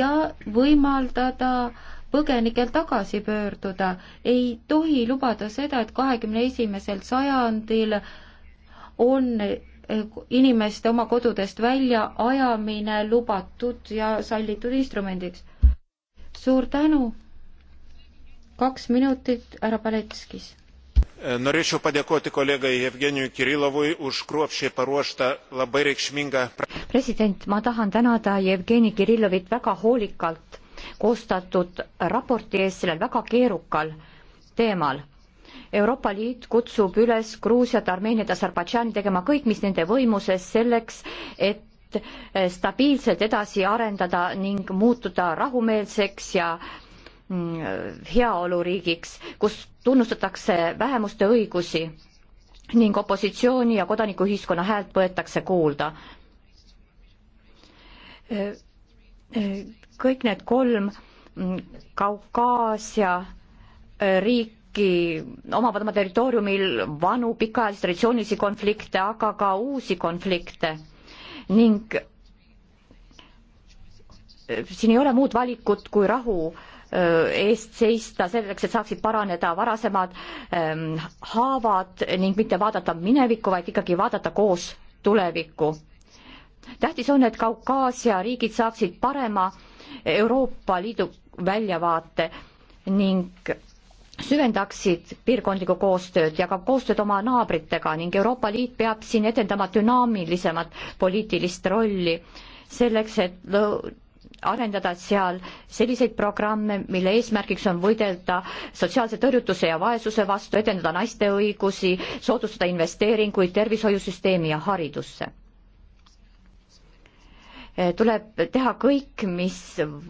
ja võimaldada põgenikel tagasi pöörduda. ei tohi lubada seda, et kahekümne esimesel sajandil on äh, inimeste oma kodudest väljaajamine lubatud ja sallitud instrumendiks suur tänu. kaks minutit, härra Paletskis. Norėčiau padėkoti kolegai Jevgeniui Kirilovui už kruopšiai paruoštą labai reikšmingą. president, ma tahan tänada Jevgeni Kirillovit väga hoolikalt koostatud raporti eest sellel väga keerukal teemal. Euroopa Liit kutsub üles Gruusiat, Armeeniat, Aserbaidžaani tegema kõik, mis nende võimuses selleks, et Liit eh, stabiilselt edasi arendada ning muutuda rahumeelseks ja mm, heaoluriigiks, kus tunnustatakse vähemuste õigusi ning opositsiooni ja kodanikuühiskonna häält võetakse kuulda. Eh, eh, kõik need kolm mm, Kaukaasia riiki omavad oma territooriumil vanu pikaajalisi traditsioonilisi konflikte, aga ka uusi konflikte ning äh, siin ei ole muud valikut kui rahu äh, eest seista selleks, et saaksid paraneda varasemad ähm, haavad ning mitte vaadata minevikku, vaid ikkagi vaadata koos tulevikku. tähtis on, et Kaukaasia riigid saaksid parema Euroopa Liidu väljavaate ning süvendaksid piirkondlikku koostööd ja ka koostööd oma naabritega ning Euroopa Liit peab siin edendama dünaamilisemat poliitilist rolli selleks, et arendada seal selliseid programme, mille eesmärgiks on võidelda sotsiaalse tõrjutuse ja vaesuse vastu, edendada naiste õigusi, soodustada investeeringuid tervishoiusüsteemi ja haridusse Eh, tuleb teha kõik, mis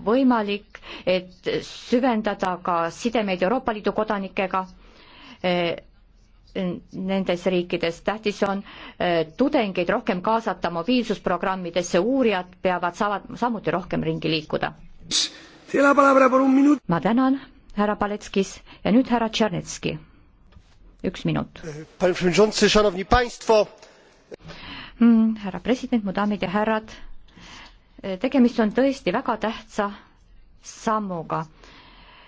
võimalik, et süvendada ka sidemeid Euroopa Liidu kodanikega eh, nendes riikides. tähtis on eh, tudengeid rohkem kaasata mobiilsusprogrammidesse, uurijad peavad, saavad samuti rohkem ringi liikuda. ma tänan, härra Paletskis ja nüüd härra Tšernetski. üks minut. Mm, härra president, mu daamid ja härrad tegemist on tõesti väga tähtsa sammuga,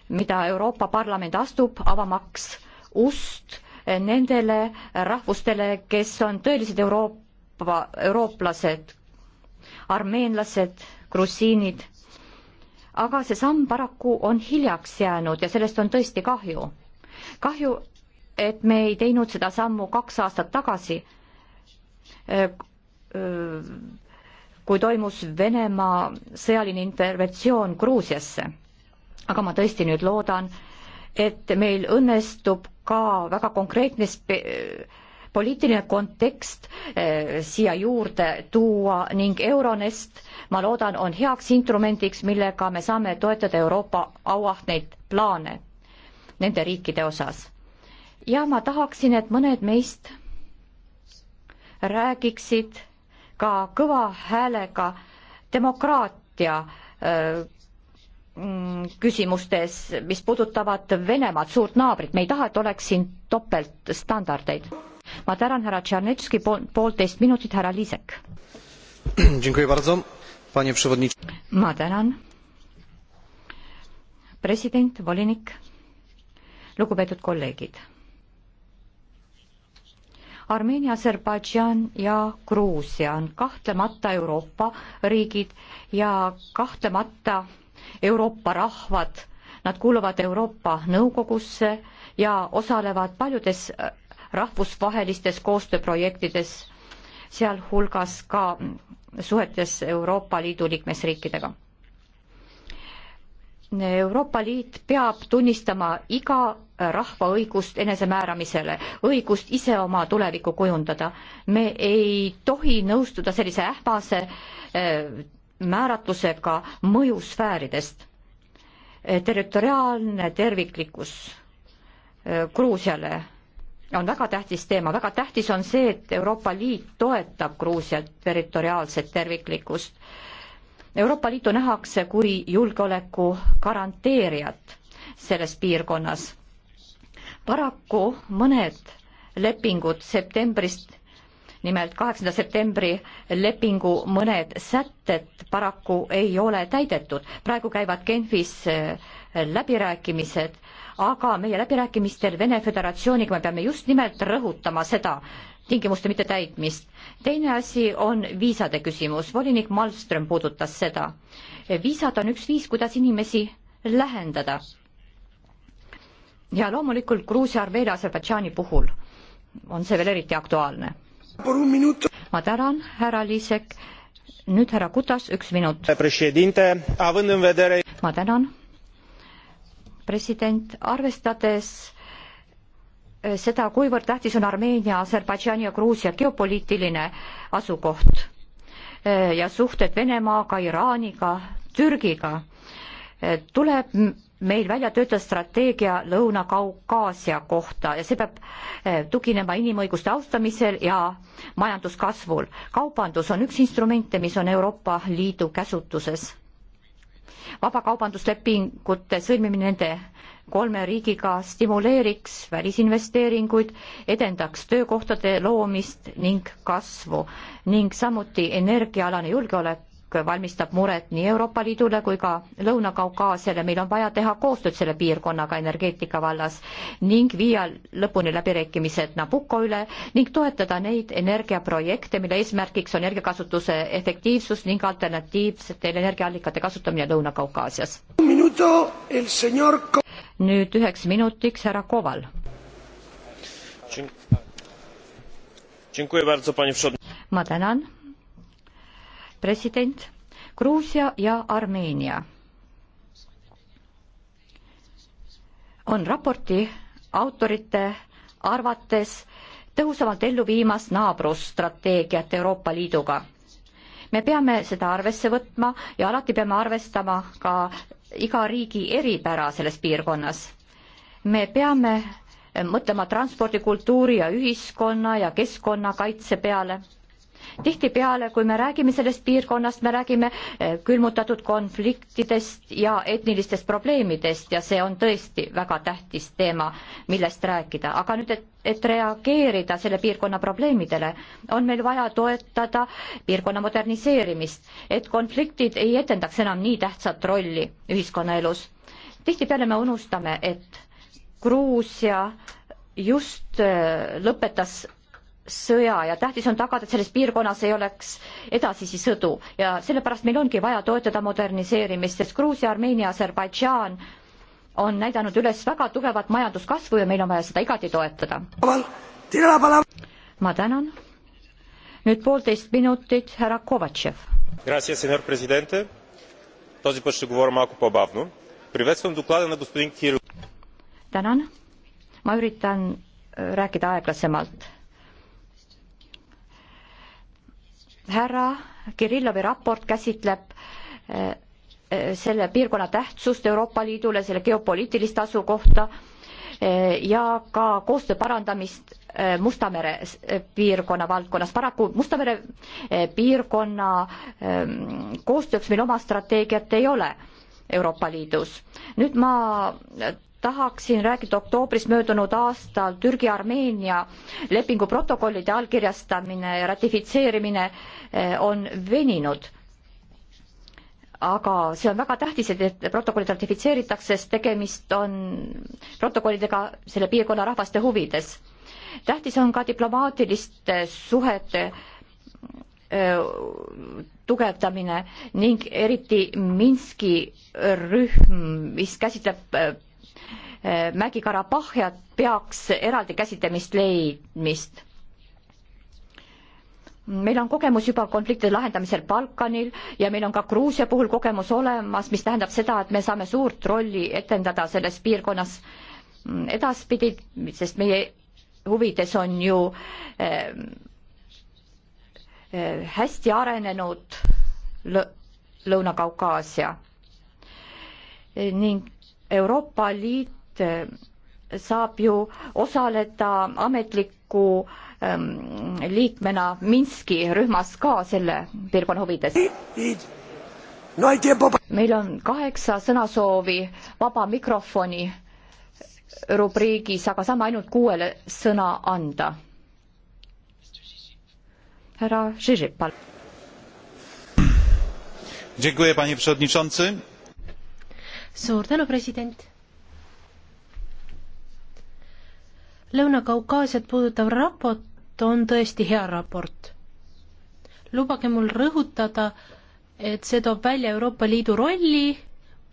mida Euroopa Parlament astub, avamaks ust nendele rahvustele, kes on tõelised Euroopa, eurooplased, armeenlased, grusiinid. aga see samm paraku on hiljaks jäänud ja sellest on tõesti kahju. kahju, et me ei teinud seda sammu kaks aastat tagasi äh, äh, kui toimus Venemaa sõjaline interventsioon Gruusiasse. aga ma tõesti nüüd loodan, et meil õnnestub ka väga konkreetne poliitiline kontekst eh, siia juurde tuua ning Euronest, ma loodan, on heaks instrumendiks, millega me saame toetada Euroopa auahneid plaane nende riikide osas. ja ma tahaksin, et mõned meist räägiksid ka kõva häälega demokraatia äh, mm, küsimustes, mis puudutavad Venemaad, suurt naabrit, me ei taha, et oleks siin topeltstandardeid. ma tänan härra Tšernetski pool, poolteist minutit, härra Liisek. ma tänan. president, volinik, lugupeetud kolleegid Armeenia, Aserbaidžaan ja Gruusia on kahtlemata Euroopa riigid ja kahtlemata Euroopa rahvad. Nad kuuluvad Euroopa Nõukogusse ja osalevad paljudes äh, rahvusvahelistes koostööprojektides, sealhulgas ka suhetes Euroopa Liidu liikmesriikidega Euroopa Liit peab tunnistama iga äh, rahva õigust enesemääramisele, õigust ise oma tulevikku kujundada. me ei tohi nõustuda sellise ähmase äh, määratlusega mõjusfääridest. Äh, territoriaalne terviklikkus Gruusiale on väga tähtis teema, väga tähtis on see, et Euroopa Liit toetab Gruusiat territoriaalset terviklikkust Euroopa Liitu nähakse kui julgeoleku garanteerijat selles piirkonnas. paraku mõned lepingud septembrist nimelt kaheksanda septembri lepingu mõned sätted paraku ei ole täidetud. praegu käivad Genfis eh, läbirääkimised, aga meie läbirääkimistel Vene Föderatsiooniga me peame just nimelt rõhutama seda, tingimuste mittetäitmist. teine asi on viisade küsimus, volinik Malmström puudutas seda. viisad on üks viis, kuidas inimesi lähendada. ja loomulikult Gruusia, Armeenia, Aserbaidžaani puhul on see veel eriti aktuaalne. ma tänan, härra Liisek. nüüd härra Kutas, üks minut. ma tänan, president, arvestades Äh, seda, kuivõrd tähtis on Armeenia, Aserbaidžaani ja Gruusia geopoliitiline asukoht äh, ja suhted Venemaaga, Iraaniga, Türgiga, äh, tuleb meil välja töötada strateegia Lõuna-Kaukaasia kohta ja see peab tuginema inimõiguste austamisel ja majanduskasvul. kaubandus on üks instrumente, mis on Euroopa Liidu käsutuses. vabakaubanduslepingute sõlmimine nende kolme riigiga stimuleeriks välisinvesteeringuid, edendaks töökohtade loomist ning kasvu ning samuti energiaalane julgeolek valmistab muret nii Euroopa Liidule kui ka Lõuna-Kaukaasiale, meil on vaja teha koostööd selle piirkonnaga energeetika vallas ning viia lõpuni läbirääkimised Nabucco üle ning toetada neid energiaprojekte, mille eesmärgiks on energiakasutuse efektiivsus ning alternatiivsete energiaallikate kasutamine Lõuna-Kaukaasias nüüd üheks minutiks härra Koval. ma tänan, president, Gruusia ja Armeenia on raporti autorite arvates tõhusamalt ellu viimas naabrusstrateegiat Euroopa Liiduga. me peame seda arvesse võtma ja alati peame arvestama ka iga riigi eripära selles piirkonnas. me peame mõtlema transpordikultuuri ja ühiskonna ja keskkonnakaitse peale tihtipeale, kui me räägime sellest piirkonnast, me räägime eh, külmutatud konfliktidest ja etnilistest probleemidest ja see on tõesti väga tähtis teema, millest rääkida, aga nüüd, et et reageerida selle piirkonna probleemidele, on meil vaja toetada piirkonna moderniseerimist, et konfliktid ei etendaks enam nii tähtsat rolli ühiskonnaelus. tihtipeale me unustame, et Gruusia just eh, lõpetas sõja ja tähtis on tagada, et selles piirkonnas ei oleks edasisi sõdu ja sellepärast meil ongi vaja toetada moderniseerimist, sest Gruusia, Armeenia, Aserbaidžaan on näidanud üles väga tugevat majanduskasvu ja meil on vaja seda igati toetada. ma tänan. nüüd poolteist minutit, härra Kovatšev. tänan, ma üritan э, rääkida aeglasemalt härra Kirillovi raport käsitleb eh, eh, selle piirkonna tähtsust Euroopa Liidule, selle geopoliitilist asukohta eh, ja ka koostöö parandamist Musta mere piirkonna valdkonnas. paraku Musta mere piirkonna ehm, koostööks meil oma strateegiat ei ole Euroopa Liidus. nüüd ma tahaksin rääkida oktoobris möödunud aastal Türgi-Armeenia lepingu protokollide allkirjastamine ja ratifitseerimine eh, on veninud aga see on väga tähtis, et protokollid ratifitseeritakse, sest tegemist on protokollidega selle piirkonna rahvaste huvides. tähtis on ka diplomaatiliste suhete eh, tugevdamine ning eriti Minski rühm, mis käsitleb eh, Mägi-Karabahhiat peaks eraldi käsitlemist leidmist. meil on kogemus juba konfliktide lahendamisel Balkanil ja meil on ka Gruusia puhul kogemus olemas, mis tähendab seda, et me saame suurt rolli etendada selles piirkonnas edaspidi, sest meie huvides on ju äh, äh, hästi arenenud lõ Lõuna-Kaukaasia ning Euroopa Liit Eh, saab ju osaleda ametliku ähm, liikmena Minski rühmas ka selle piirkonna huvides. meil on kaheksa sõnasoovi vaba mikrofoni rubriigis, aga saame ainult kuuele sõna anda. härra Žižip, palun. suur tänu, president Lõuna-Kaukaasiat puudutav raport on tõesti hea raport. lubage mul rõhutada, et see toob välja Euroopa Liidu rolli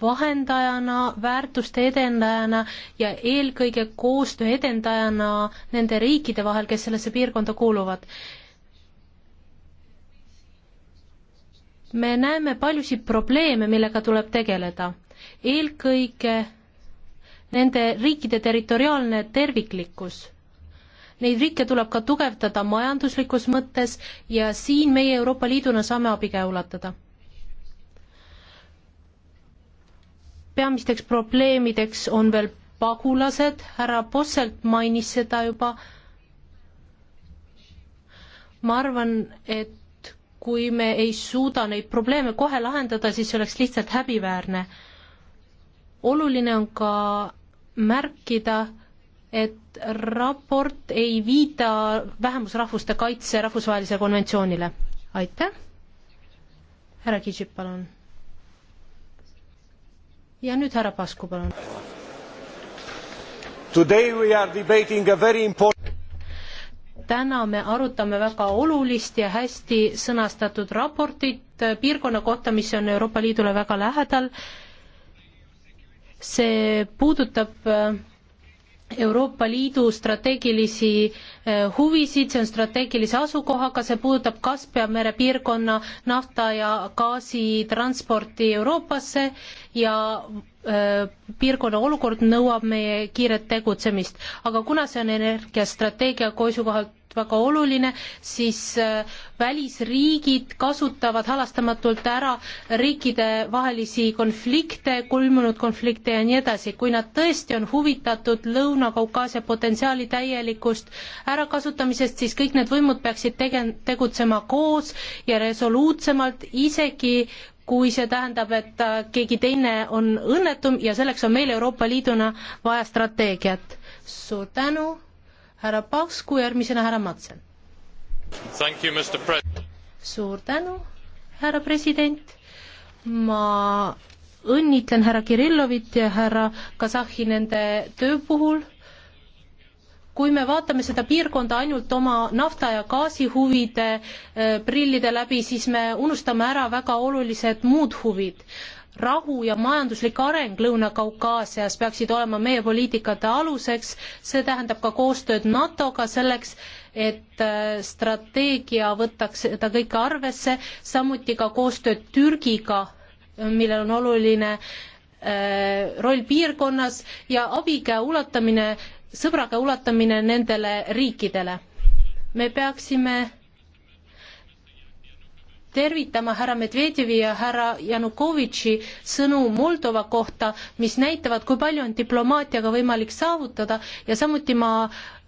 vahendajana, väärtuste edendajana ja eelkõige koostöö edendajana nende riikide vahel, kes sellesse piirkonda kuuluvad. me näeme paljusid probleeme, millega tuleb tegeleda. eelkõige nende riikide territoriaalne terviklikkus. Neid riike tuleb ka tugevdada majanduslikus mõttes ja siin meie Euroopa Liiduna saame abikäe ulatada. peamisteks probleemideks on veel pagulased, härra Posselt mainis seda juba, ma arvan, et kui me ei suuda neid probleeme kohe lahendada, siis see oleks lihtsalt häbiväärne. oluline on ka märkida, et raport ei viida vähemusrahvuste kaitse rahvusvahelisele konventsioonile. aitäh. härra Kižip, palun. ja nüüd härra Pasku, palun. Today we are debating a very important täna me arutame väga olulist ja hästi sõnastatud raportit piirkonna kohta, mis on Euroopa Liidule väga lähedal see puudutab äh, Euroopa Liidu strateegilisi äh, huvisid, see on strateegilise asukohaga, see puudutab Kaspia mere piirkonna nafta ja gaasi transporti Euroopasse ja äh, piirkonna olukord nõuab meie kiiret tegutsemist. aga kuna see on energiastrateegia seisukohalt väga oluline, siis äh, välisriigid kasutavad halastamatult ära riikidevahelisi konflikte, kulmunud konflikte ja nii edasi. kui nad tõesti on huvitatud Lõuna-Kaukaasia potentsiaali täielikust ärakasutamisest, siis kõik need võimud peaksid tege-, tegutsema koos ja resoluutsemalt, isegi kui see tähendab, et äh, keegi teine on õnnetum ja selleks on meil Euroopa Liiduna vaja strateegiat. suur tänu härra Pasku, järgmisena härra Matsen. suur tänu, härra president, ma õnnitlen härra Kirillovit ja härra Kasahhi nende töö puhul kui me vaatame seda piirkonda ainult oma nafta ja gaasi huvide eh, prillide läbi, siis me unustame ära väga olulised muud huvid rahu ja majanduslik areng Lõuna-Kaukaasias peaksid olema meie poliitikate aluseks, see tähendab ka koostööd NATO-ga selleks, et äh, strateegia võtaks seda kõike arvesse, samuti ka koostööd Türgiga, millel on oluline äh, roll piirkonnas ja abikäe ulatamine, sõbrakäe ulatamine nendele riikidele. me peaksime tervitama härra Medvedjevi ja härra Janukovitši sõnu Moldova kohta, mis näitavad, kui palju on diplomaatiaga võimalik saavutada ja samuti ma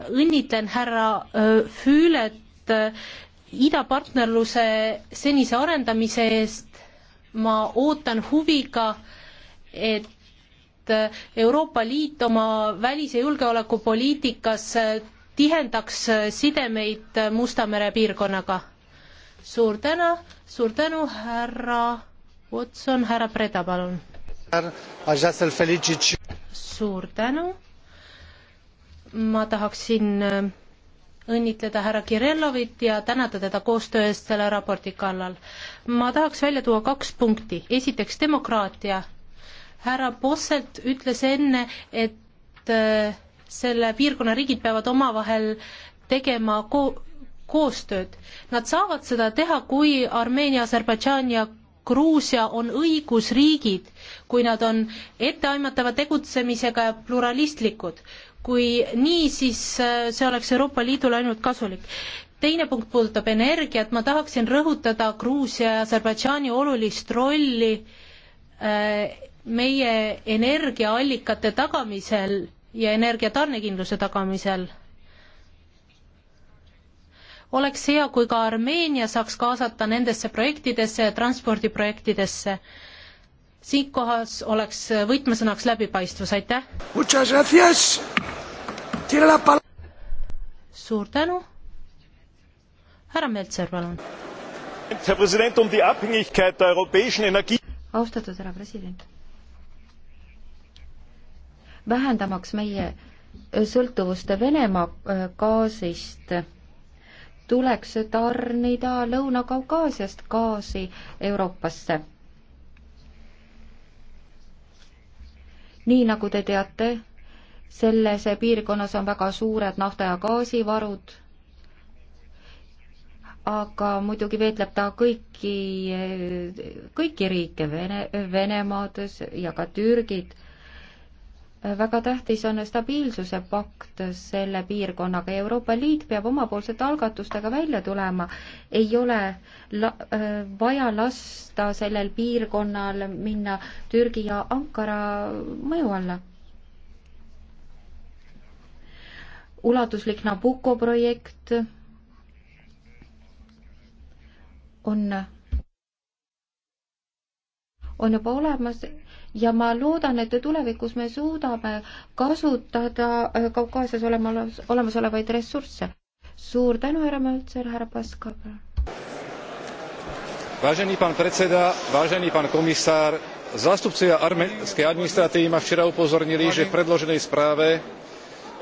õnnitlen härra äh, Füület äh, idapartnerluse senise arendamise eest. ma ootan huviga, et äh, Euroopa Liit oma välis- ja julgeolekupoliitikas tihendaks sidemeid Musta mere piirkonnaga suur täna, suur tänu, härra Watson, härra Preda, palun. suur tänu. ma tahaksin äh, õnnitleda härra Kirillovit ja tänada teda koostöö eest selle raporti kallal. ma tahaks välja tuua kaks punkti. esiteks demokraatia. härra Posselt ütles enne, et äh, selle piirkonna riigid peavad omavahel tegema ko-, koostööd. Nad saavad seda teha, kui Armeenia, Aserbaidžaan ja Gruusia on õigusriigid, kui nad on etteaimatava tegutsemisega ja pluralistlikud. kui nii, siis äh, see oleks Euroopa Liidule ainult kasulik. teine punkt puudutab energiat, ma tahaksin rõhutada Gruusia ja Aserbaidžaani olulist rolli äh, meie energiaallikate tagamisel ja energia tarnekindluse tagamisel oleks hea, kui ka Armeenia saaks kaasata nendesse projektidesse, transpordiprojektidesse. siinkohas oleks võtmesõnaks läbipaistvus, aitäh! suur tänu! härra Meltser, palun! Um austatud härra president! vähendamaks meie sõltuvust Venemaa äh, gaasist äh, tuleks tarnida Lõuna-Kaukaasiast gaasi Euroopasse. nii nagu te teate, selles piirkonnas on väga suured nafta- ja gaasivarud, aga muidugi veetleb ta kõiki, kõiki riike, Vene, Venemaad ja ka Türgid väga tähtis on stabiilsuse pakt selle piirkonnaga ja Euroopa Liit peab omapoolsete algatustega välja tulema. ei ole la äh, vaja lasta sellel piirkonnal minna Türgi ja Ankara mõju alla. ulatuslik Nabucco projekt on on juba olemas ja ma loodan, et tulevikus me suudame kasutada äh, Kaukaasias olemas, olemasolevaid ressursse. suur tänu, härra Möltser, härra Paskov. Vážený pán predseda, vážený pán komisár, zástupcovia arménskej administratívy ma včera upozornili, že v predloženej správe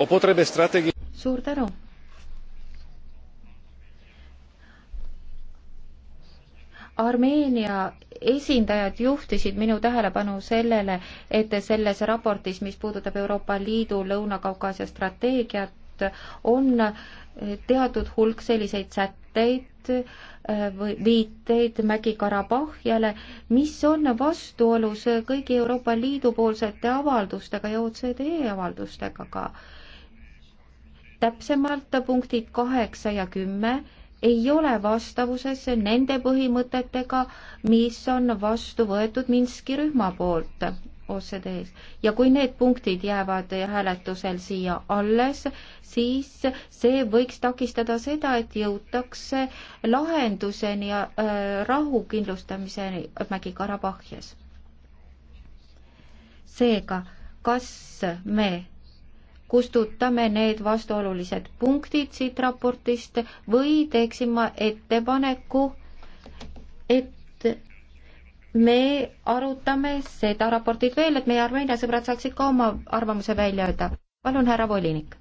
o potrebe stratégie... Suur tänu. Armeenia esindajad juhtisid minu tähelepanu sellele, et selles raportis, mis puudutab Euroopa Liidu Lõuna-Kaukaasia strateegiat, on teatud hulk selliseid sätteid äh, või viiteid Mägi-Karabahjale, mis on vastuolus kõigi Euroopa Liidu poolsete avaldustega ja OCD avaldustega ka. täpsemalt punktid kaheksa ja kümme ei ole vastavuses nende põhimõtetega, mis on vastu võetud Minski rühma poolt OCD-s. ja kui need punktid jäävad hääletusel siia alles, siis see võiks takistada seda, et jõutakse lahenduseni ja äh, rahu kindlustamiseni Mägi-Karabahhias. seega, kas me kustutame need vastuolulised punktid siit raportist või teeksin ma ettepaneku, et me arutame seda raportit veel, et meie Armeenia sõbrad saaksid ka oma arvamuse välja öelda. palun, härra volinik.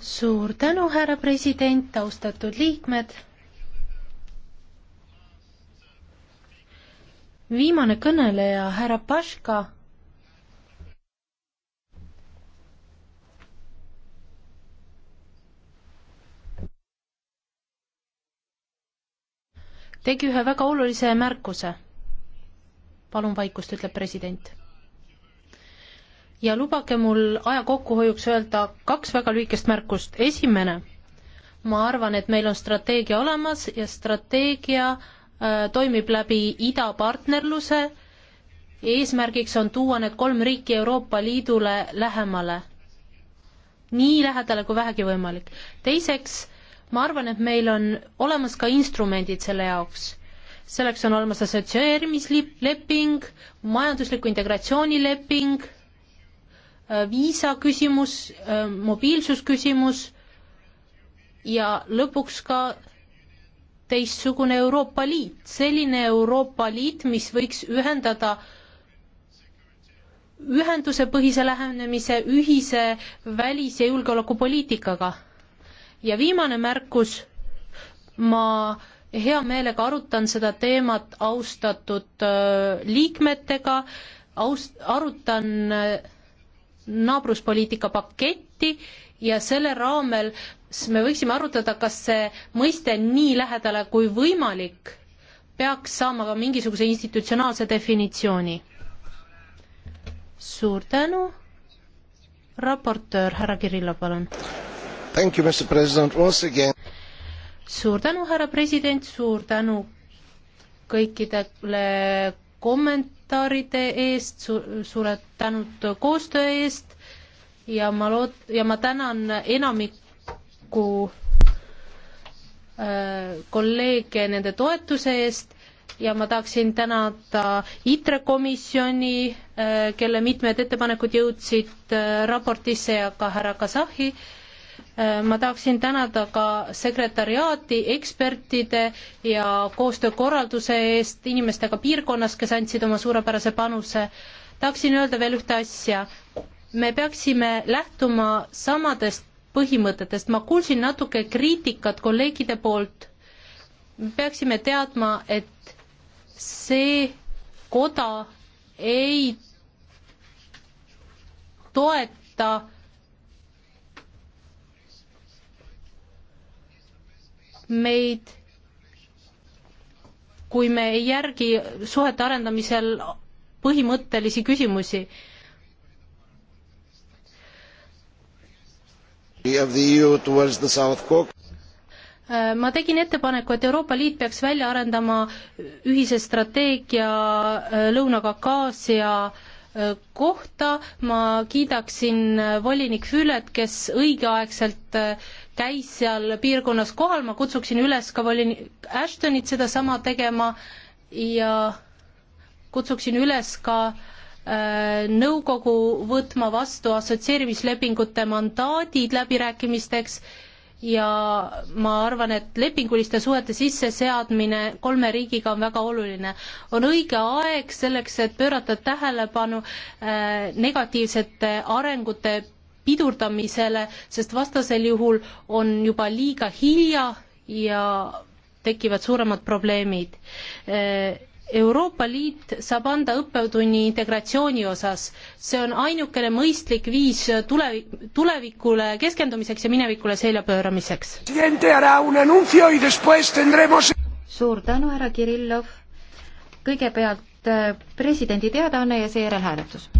suur tänu, härra president, austatud liikmed. viimane kõneleja, härra Paška tegi ühe väga olulise märkuse. palun vaikust, ütleb president. ja lubage mul aja kokkuhoiuks öelda kaks väga lühikest märkust. esimene, ma arvan, et meil on strateegia olemas ja strateegia äh, toimib läbi idapartnerluse, eesmärgiks on tuua need kolm riiki Euroopa Liidule lähemale nii lähedale kui vähegi võimalik. teiseks ma arvan, et meil on olemas ka instrumendid selle jaoks. selleks on olemas assotsieerimisleping, majandusliku integratsioonileping, äh, viisaküsimus, äh, mobiilsusküsimus ja lõpuks ka teistsugune Euroopa Liit, selline Euroopa Liit, mis võiks ühendada ühendusepõhise lähenemise ühise välis- ja julgeolekupoliitikaga ja viimane märkus, ma hea meelega arutan seda teemat austatud äh, liikmetega, aus-, arutan äh, naabruspoliitika paketti ja selle raamel me võiksime arutada, kas see mõiste nii lähedale kui võimalik peaks saama ka mingisuguse institutsionaalse definitsiooni. suur tänu, raportöör härra Kirillov, palun suur tänu, härra president, suur tänu kõikidele kommentaaride eest su, suured tänud koostöö eest ja ma lood-, ja ma tänan enamikku äh, kolleege nende toetuse eest ja ma tahaksin tänada ITRE komisjoni äh,, kelle mitmed ettepanekud jõudsid äh, raportisse ja ka härra Kasahhi äh, Äh, ma tahaksin tänada ka sekretariaati, ekspertide ja koostöökorralduse eest inimestega piirkonnas, kes andsid oma suurepärase panuse. tahaksin öelda veel ühte asja. me peaksime lähtuma samadest põhimõtetest, ma kuulsin natuke kriitikat kolleegide poolt. me peaksime teadma, et see koda ei toeta meid, kui me ei järgi suhete arendamisel põhimõttelisi küsimusi. E äh, ma tegin ettepaneku, et Euroopa Liit peaks välja arendama ühise strateegia Lõuna-Kakaasia äh, kohta, ma kiidaksin volinik Füület, kes õigeaegselt äh, käis seal piirkonnas kohal, ma kutsuksin üles ka volinik Ashtonit sedasama tegema ja kutsuksin üles ka äh, nõukogu võtma vastu assotsieerimislepingute mandaadid läbirääkimisteks äh, ja ma arvan, et lepinguliste suhete sisseseadmine kolme riigiga on väga oluline. on õige aeg selleks, et pöörata tähelepanu äh, negatiivsete arengute pidurdamisele, sest vastasel juhul on juba liiga hilja ja tekivad suuremad probleemid äh, Euroopa Liit saab anda õppetunni integratsiooni osas. see on ainukene mõistlik viis tule, tulevikule keskendumiseks ja minevikule selja pööramiseks. suur tänu, härra Kirillov. kõigepealt eh, presidendi teadaanne ja seejärel hääletus.